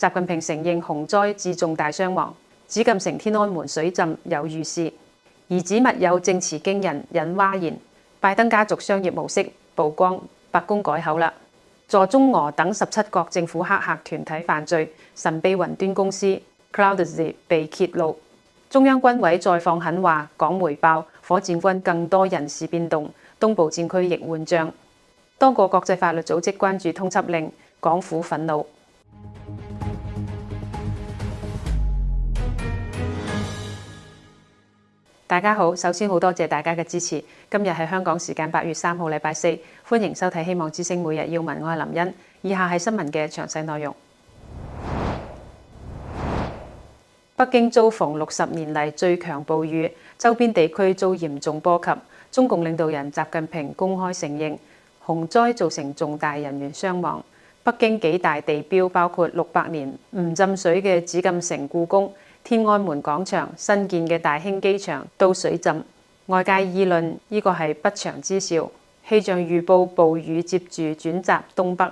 習近平承認洪災致重大傷亡，紫禁城天安門水浸有預示。兒子密友證詞驚人引嘩然。拜登家族商業模式曝光，白宮改口啦。助中俄等十七國政府黑客團體犯罪，神秘雲端公司 Cloudzy 被揭露。中央軍委再放狠話，港媒爆火箭軍更多人事變動，東部戰區亦換將。多個國際法律組織關注通緝令，港府憤怒。大家好，首先好多謝大家嘅支持。今日係香港時間八月三號，禮拜四，歡迎收睇《希望之聲》每日要聞。我係林茵，以下係新聞嘅詳細內容。北京遭逢六十年嚟最強暴雨，周邊地區遭嚴重波及。中共領導人習近平公開承認，洪災造成重大人員傷亡。北京幾大地標包括六百年唔浸水嘅紫禁城故宮。天安門廣場新建嘅大興機場都水浸，外界議論呢、這個係不祥之兆。氣象預報暴雨接住轉襲東北，而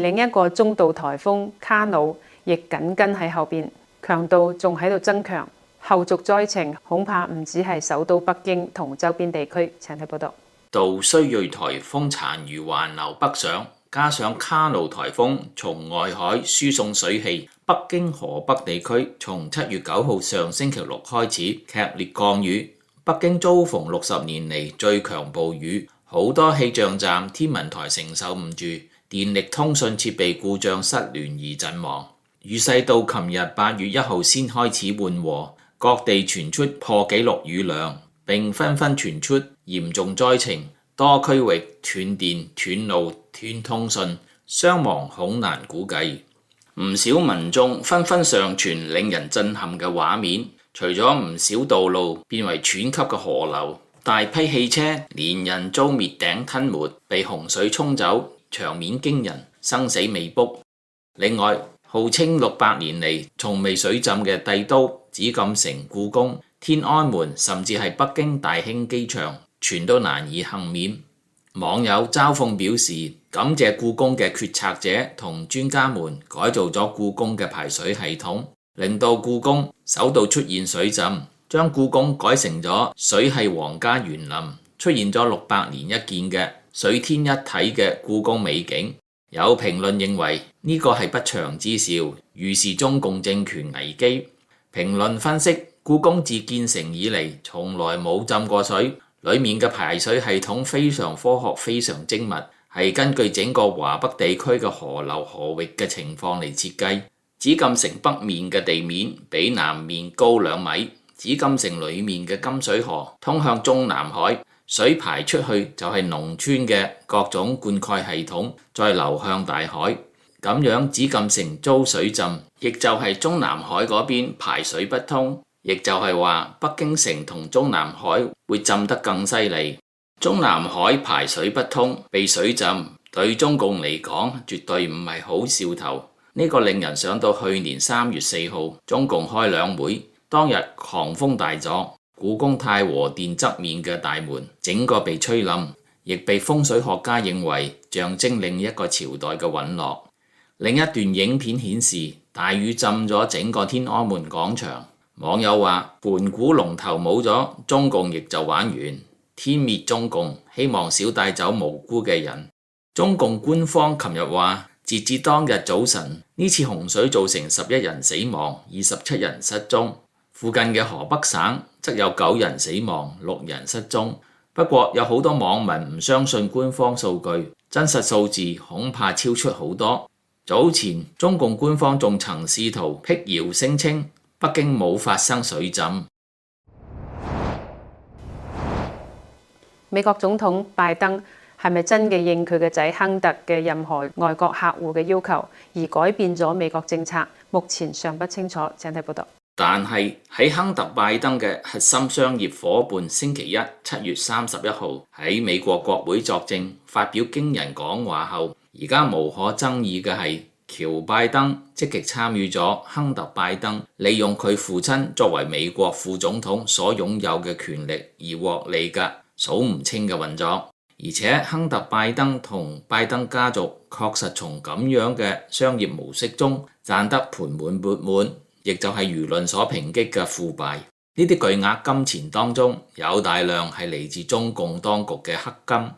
另一個中度台風卡努亦緊跟喺後邊，強度仲喺度增強，後續災情恐怕唔止係首都北京同周邊地區。請睇報道，道衰，銳台風殘餘環流北上。加上卡努台風從外海輸送水汽，北京河北地區從七月九號上星期六開始劇烈降雨，北京遭逢六十年嚟最強暴雨，好多氣象站天文台承受唔住，電力通訊設備故障失聯而陣亡，雨勢到琴日八月一號先開始緩和，各地傳出破紀錄雨量，並紛紛傳出嚴重災情。多區域斷電、斷路、斷通訊，傷亡好難估計。唔少民眾紛紛上傳令人震撼嘅畫面，除咗唔少道路變為湍急嘅河流，大批汽車連人遭滅頂吞沒，被洪水沖走，場面驚人，生死未卜。另外，號稱六百年嚟從未水浸嘅帝都紫禁城、故宮、天安門，甚至係北京大興機場。全都難以幸免。網友嘲諷表示感謝故宮嘅決策者同專家們改造咗故宮嘅排水系統，令到故宮首度出現水浸，將故宮改成咗水系皇家園林，出現咗六百年一見嘅水天一體嘅故宮美景。有評論認為呢、這個係不祥之兆，預示中共政權危機。評論分析，故宮自建成以嚟從來冇浸過水。裡面嘅排水系統非常科學，非常精密，係根據整個華北地區嘅河流河域嘅情況嚟設計。紫禁城北面嘅地面比南面高兩米，紫禁城裡面嘅金水河通向中南海，水排出去就係農村嘅各種灌溉系統，再流向大海。咁樣紫禁城遭水浸，亦就係中南海嗰邊排水不通。亦就係話，北京城同中南海會浸得更犀利。中南海排水不通，被水浸，對中共嚟講絕對唔係好兆頭。呢個令人想到去年三月四號中共開兩會，當日狂風大作，故宮太和殿側面嘅大門整個被吹冧，亦被風水學家認為象徵另一個朝代嘅隕落。另一段影片顯示大雨浸咗整個天安門廣場。網友話：盤古龍頭冇咗，中共亦就玩完。天滅中共，希望少帶走無辜嘅人。中共官方琴日話：截至當日早晨，呢次洪水造成十一人死亡、二十七人失蹤。附近嘅河北省則有九人死亡、六人失蹤。不過有好多網民唔相信官方數據，真實數字恐怕超出好多。早前中共官方仲曾試圖辟謠聲稱：北京冇發生水浸。美國總統拜登係咪真嘅應佢嘅仔亨特嘅任何外國客戶嘅要求而改變咗美國政策？目前尚不清楚。請睇報道。但係喺亨特拜登嘅核心商業伙伴星期一七月三十一號，喺美國國會作證發表驚人講話後，而家無可爭議嘅係。喬拜登積極參與咗亨特拜登利用佢父親作為美國副總統所擁有嘅權力而獲利嘅數唔清嘅運作，而且亨特拜登同拜登家族確實從咁樣嘅商業模式中賺得盆滿缽滿，亦就係輿論所抨擊嘅腐敗。呢啲巨額金錢當中有大量係嚟自中共當局嘅黑金。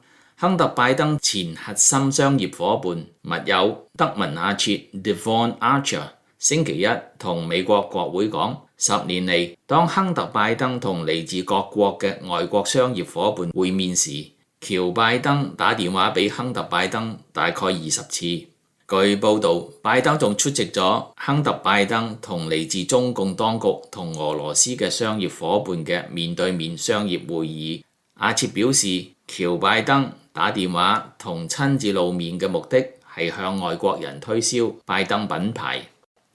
亨特·拜登前核心商業伙伴密友德文·阿切 （Devon Archer） 星期一同美國國會講：十年嚟，當亨特·拜登同嚟自各國嘅外國商業伙伴會面時，喬·拜登打電話俾亨特·拜登大概二十次。據報導，拜登仲出席咗亨特·拜登同嚟自中共當局同俄羅斯嘅商業伙伴嘅面對面商業會議。阿切表示，喬·拜登打電話同親自露面嘅目的係向外國人推銷拜登品牌。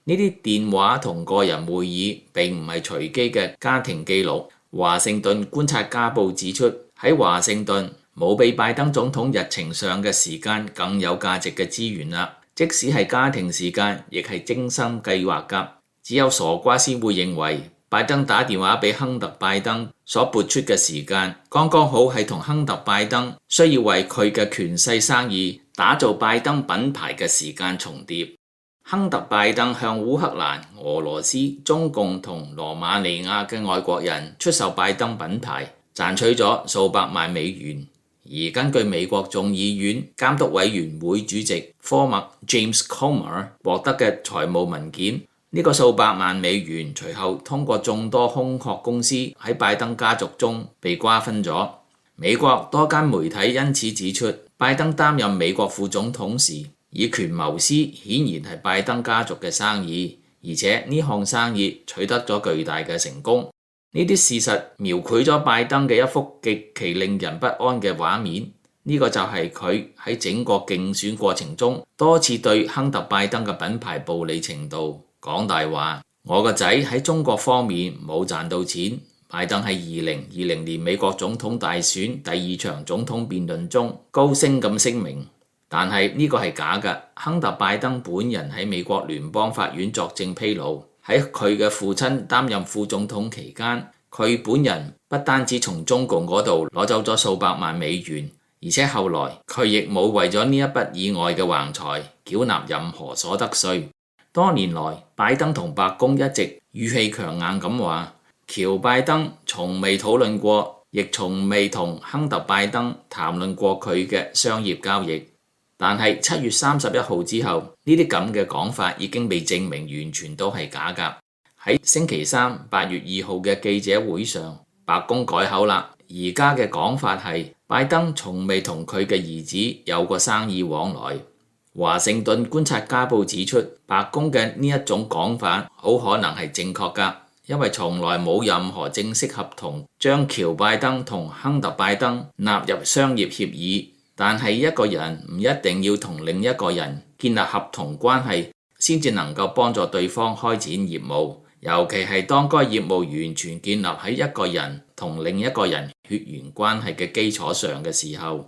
呢啲電話同個人會議並唔係隨機嘅家庭記錄。華盛頓觀察家報指出，喺華盛頓冇比拜登總統日程上嘅時間更有價值嘅資源啦。即使係家庭時間，亦係精心計劃㗎。只有傻瓜先會認為。拜登打電話俾亨特拜登，所撥出嘅時間，剛剛好係同亨特拜登需要為佢嘅權勢生意打造拜登品牌嘅時間重疊。亨特拜登向烏克蘭、俄羅斯、中共同羅馬尼亞嘅外國人出售拜登品牌，賺取咗數百萬美元。而根據美國眾議院監督委員會主席科莫 James Comer 獲得嘅財務文件。呢個數百萬美元隨後通過眾多空殼公司喺拜登家族中被瓜分咗。美國多間媒體因此指出，拜登擔任美國副總統時以權謀私，顯然係拜登家族嘅生意，而且呢項生意取得咗巨大嘅成功。呢啲事實描繪咗拜登嘅一幅極其令人不安嘅畫面。呢個就係佢喺整個競選過程中多次對亨特拜登嘅品牌暴利程度。講大話，我個仔喺中國方面冇賺到錢。拜登喺二零二零年美國總統大選第二場總統辯論中高聲咁聲明，但係呢個係假嘅。亨特拜登本人喺美國聯邦法院作證披露，喺佢嘅父親擔任副總統期間，佢本人不單止從中共嗰度攞走咗數百萬美元，而且後來佢亦冇為咗呢一筆意外嘅橫財繳納任何所得稅。多年來，拜登同白宮一直語氣強硬咁話，喬拜登從未討論過，亦從未同亨特拜登談論過佢嘅商業交易。但係七月三十一號之後，呢啲咁嘅講法已經被證明完全都係假㗎。喺星期三八月二號嘅記者會上，白宮改口啦。而家嘅講法係，拜登從未同佢嘅兒子有過生意往來。華盛頓觀察家報指出，白宮嘅呢一種講法好可能係正確㗎，因為從來冇任何正式合同將喬拜登同亨特拜登納入商業協議。但係一個人唔一定要同另一個人建立合同關係，先至能夠幫助對方開展業務，尤其係當該業務完全建立喺一個人同另一個人血緣關係嘅基礎上嘅時候。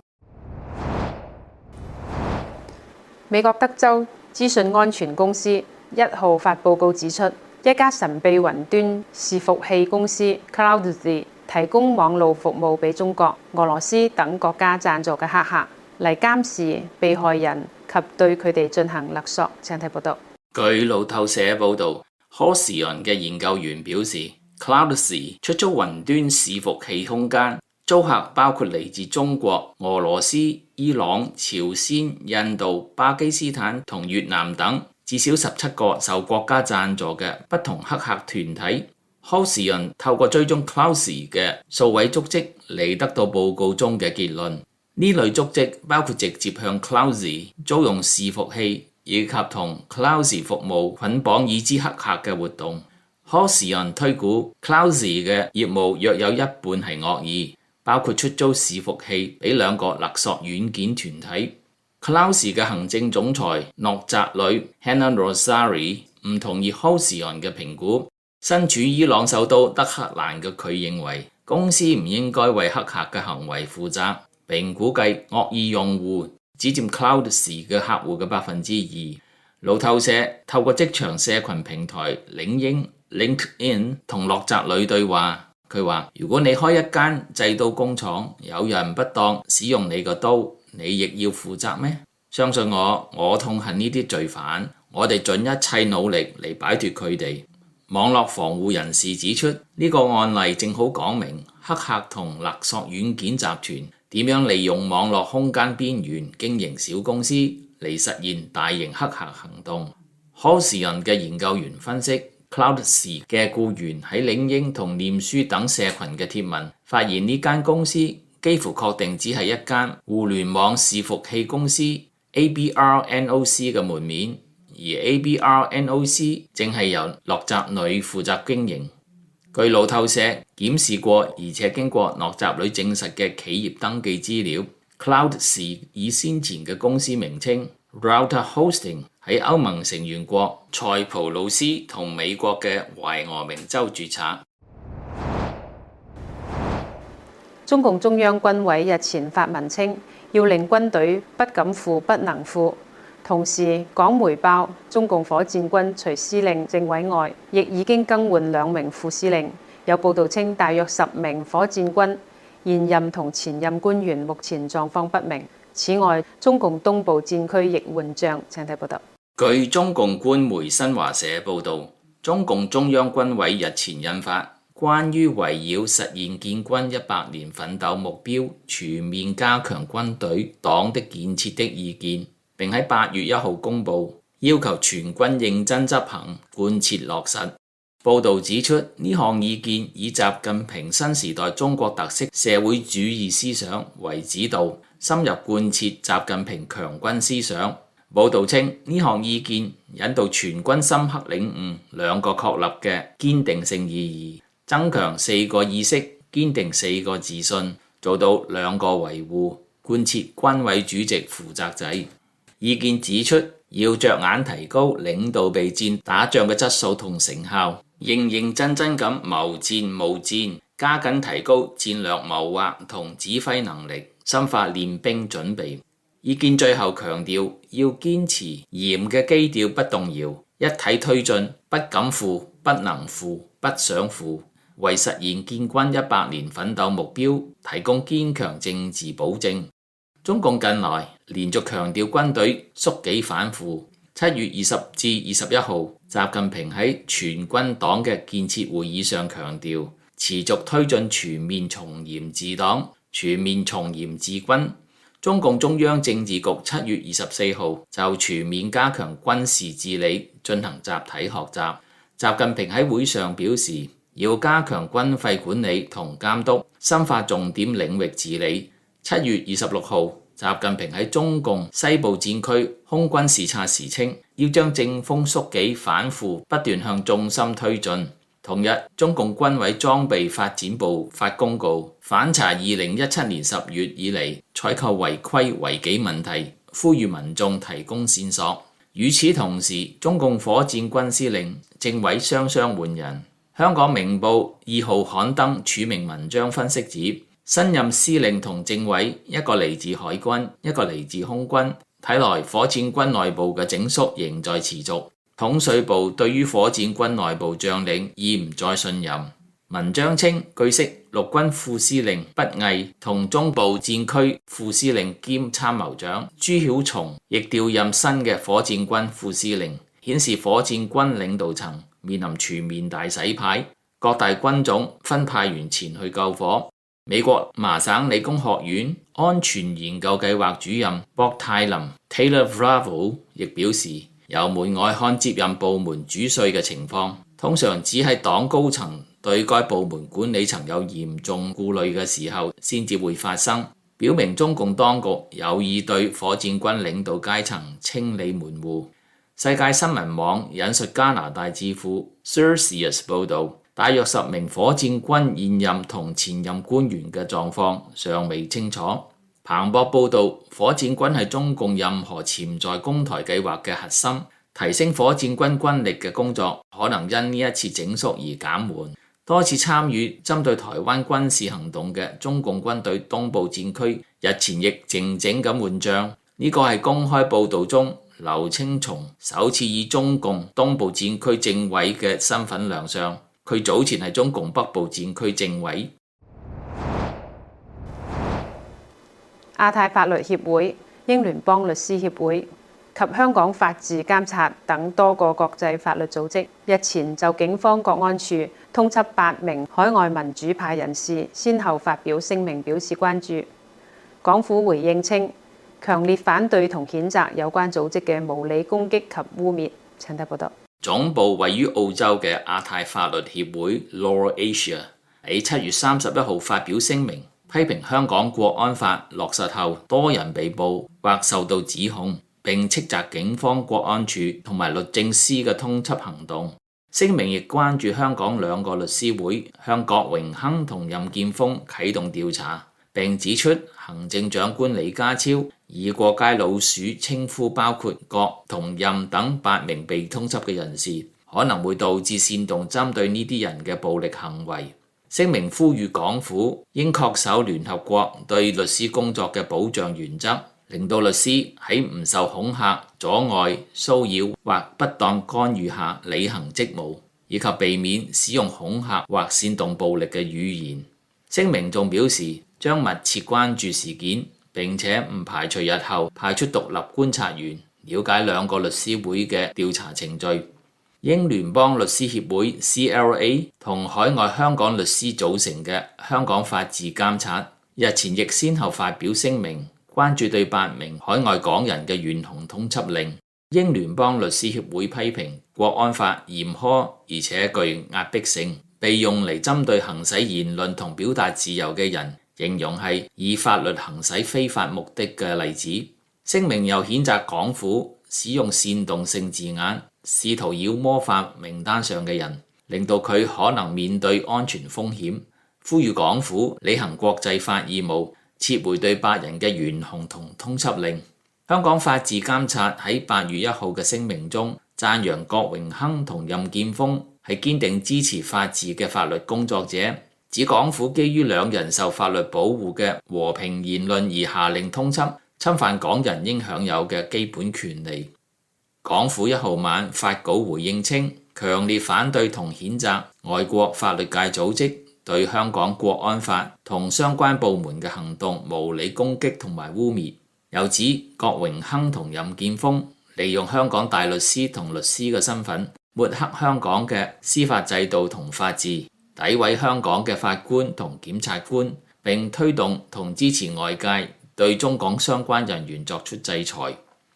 美國德州資訊安全公司一號發報告指出，一家神秘雲端伺服器公司 Cloudy 提供網路服務俾中國、俄羅斯等國家贊助嘅黑客嚟監視被害人及對佢哋進行勒索。正睇報道，據路透社報導，科士 s s 嘅研究員表示，Cloudy 出租雲端伺服器空間，租客包括嚟自中國、俄羅斯。伊朗、朝鮮、印度、巴基斯坦同越南等至少十七個受國家贊助嘅不同黑客團體。Hawshun 透過追蹤 Cloudzy 嘅數位足跡嚟得到報告中嘅結論。呢類足跡包括直接向 Cloudzy 租用伺服器，以及同 Cloudzy 服務捆綁已知黑客嘅活動。Hawshun 推估 Cloudzy 嘅業務約有一半係惡意，包括出租伺服器俾兩個勒索軟件團體，Clouds 嘅行政總裁諾澤裏 （Hanan n r o s a r i 唔同意 Hosian 嘅評估。身處伊朗首都德克蘭嘅佢認為，公司唔應該為黑客嘅行為負責。並估計惡意用戶只佔 Clouds 嘅客戶嘅百分之二。路透社透過職場社群平台領英 （LinkedIn） 同諾澤裏對話。佢話：如果你開一間製刀工廠，有人不當使用你個刀，你亦要負責咩？相信我，我痛恨呢啲罪犯。我哋盡一切努力嚟擺脫佢哋。網絡防護人士指出，呢、這個案例正好講明黑客同勒索軟件集團點樣利用網絡空間邊緣經營小公司嚟實現大型黑客行動。h o s 嘅研究員分析。Cloudzy 嘅雇員喺領英同念書等社群嘅貼文，發現呢間公司幾乎確定只係一間互聯網伺服器公司 ABRNOC 嘅門面，而 ABRNOC 正係由諾雜女負責經營。據路透社檢視過，而且經過諾雜女證實嘅企業登記資料，Cloudzy 以先前嘅公司名稱，Router Hosting 喺歐盟成員國塞浦路斯同美國嘅懷俄明州註冊。中共中央軍委日前發文稱，要令軍隊不敢腐、不能腐。同時，港媒報中共火箭軍除司令、政委外，亦已經更換兩名副司令。有報道稱，大約十名火箭軍現任同前任官員目前狀況不明。此外，中共東部戰區亦換將，請睇報道。據中共官媒新華社報道，中共中央軍委日前印發關於圍繞實現建軍一百年奮鬥目標全面加強軍隊黨的建設的意見，並喺八月一號公佈，要求全軍認真執行、貫徹落實。報道指出，呢項意見以習近平新時代中國特色社會主義思想為指導。深入貫徹習近平強軍思想，報道稱呢項意見引導全軍深刻領悟兩個確立嘅堅定性意義，增強四個意識，堅定四個自信，做到兩個維護，貫徹軍委主席負責制。意見指出，要着眼提高領導備戰打仗嘅質素同成效，認認真真咁謀戰務戰，加緊提高戰略謀劃同指揮能力。深化練兵準備，意見最後強調要堅持嚴嘅基調不動搖，一體推進，不敢腐、不能腐、不想腐，為實現建軍一百年奮鬥目標提供堅強政治保證。中共近來連續強調軍隊肅紀反腐。七月二十至二十一號，習近平喺全軍黨嘅建設會議上強調，持續推進全面從嚴治黨。全面從嚴治軍，中共中央政治局七月二十四號就全面加強軍事治理進行集體學習。習近平喺會上表示，要加強軍費管理同監督，深化重點領域治理。七月二十六號，習近平喺中共西部戰區空軍視察時稱，要將正風肅紀反腐不斷向縱深推進。同日，中共軍委裝備發展部發公告，反查二零一七年十月以嚟採購違規違紀問題，呼籲民眾提供線索。與此同時，中共火箭軍司令、政委雙雙換人。香港明報二號刊登署名文章分析指，新任司令同政委一個嚟自海軍，一個嚟自空軍，睇來火箭軍內部嘅整肅仍在持續。統帥部對於火箭軍內部將領已唔再信任。文章稱，據悉陸軍副司令畢毅同中部戰區副司令兼參謀長朱曉松亦調任新嘅火箭軍副司令，顯示火箭軍領導層面臨全面大洗牌。各大軍種分派員前去救火。美國麻省理工學院安全研究計劃主任博泰林 （Taylor Fravel） 亦表示。由門外漢接任部門主帥嘅情況，通常只係黨高層對該部門管理層有嚴重顧慮嘅時候先至會發生，表明中共當局有意對火箭軍領導階層清理門戶。世界新聞網引述加拿大智庫 Sirius 報導，大約十名火箭軍現任同前任官員嘅狀況尚未清楚。彭博報道，火箭軍係中共任何潛在攻台計劃嘅核心，提升火箭軍軍力嘅工作可能因呢一次整肅而減緩。多次參與針對台灣軍事行動嘅中共軍隊東部戰區日前亦靜靜咁換將，呢個係公開報導中劉青松首次以中共東部戰區政委嘅身份亮相，佢早前係中共北部戰區政委。亞太法律協會、英聯邦律師協會及香港法治監察等多個國際法律組織日前就警方國安處通緝八名海外民主派人士，先後發表聲明表示關注。港府回應稱，強烈反對同譴責有關組織嘅無理攻擊及污衊。陳德報道。總部位於澳洲嘅亞太法律協會 Law Asia 喺七月三十一號發表聲明。批評香港國安法落實後，多人被捕或受到指控，並斥責警方、國安處同埋律政司嘅通緝行動。聲明亦關注香港兩個律師會向郭榮鏗同任建峯啟動調查，並指出行政長官李家超以過街老鼠稱呼包括郭同任等八名被通緝嘅人士，可能會導致煽動針對呢啲人嘅暴力行為。聲明呼籲港府應確守聯合國對律師工作嘅保障原則，令到律師喺唔受恐嚇、阻礙、騷擾或不當干預下履行職務，以及避免使用恐嚇或煽動暴力嘅語言。聲明仲表示將密切關注事件，並且唔排除日後派出獨立觀察員，了解兩個律師會嘅調查程序。英聯邦律師協會 （CLA） 同海外香港律師組成嘅香港法治監察日前亦先後發表聲明，關注對八名海外港人嘅懸紅通緝令。英聯邦律師協會批評國安法嚴苛而且具壓迫性，被用嚟針對行使言論同表達自由嘅人，形容係以法律行使非法目的嘅例子。聲明又譴責港府使用煽動性字眼。試圖妖魔化名單上嘅人，令到佢可能面對安全風險。呼籲港府履行國際法義務，撤回對八人嘅懸紅同通緝令。香港法治監察喺八月一號嘅聲明中，讚揚郭榮鏗同任建峰係堅定支持法治嘅法律工作者，指港府基於兩人受法律保護嘅和平言論而下令通緝，侵犯港人應享有嘅基本權利。港府一號晚發稿回應稱，強烈反對同譴責外國法律界組織對香港國安法同相關部門嘅行動無理攻擊同埋污蔑，又指郭榮鏗同任建峰利用香港大律師同律師嘅身份抹黑香港嘅司法制度同法治，詆毀香港嘅法官同檢察官，並推動同支持外界對中港相關人員作出制裁。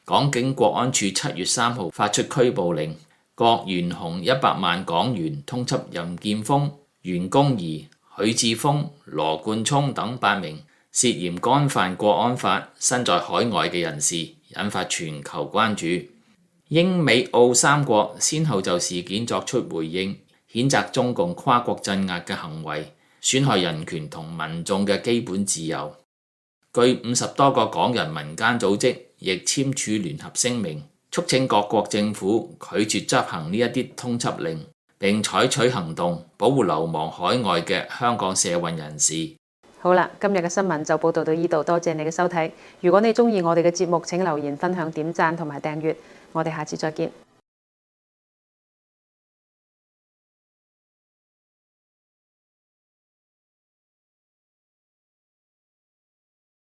港警國安處七月三號發出拘捕令，各懸紅一百萬港元通緝任建峰、袁弓夷、許智峯、羅冠聰等八名涉嫌干犯國安法身在海外嘅人士，引發全球關注。英美澳三國先後就事件作出回應，譴責中共跨國鎮壓嘅行為，損害人權同民眾嘅基本自由。據五十多個港人民間組織，亦簽署聯合聲明，促請各國政府拒絕執行呢一啲通緝令，並採取行動保護流亡海外嘅香港社運人士。好啦，今日嘅新聞就報道到呢度，多謝你嘅收睇。如果你中意我哋嘅節目，請留言、分享、點讚同埋訂閱。我哋下次再見。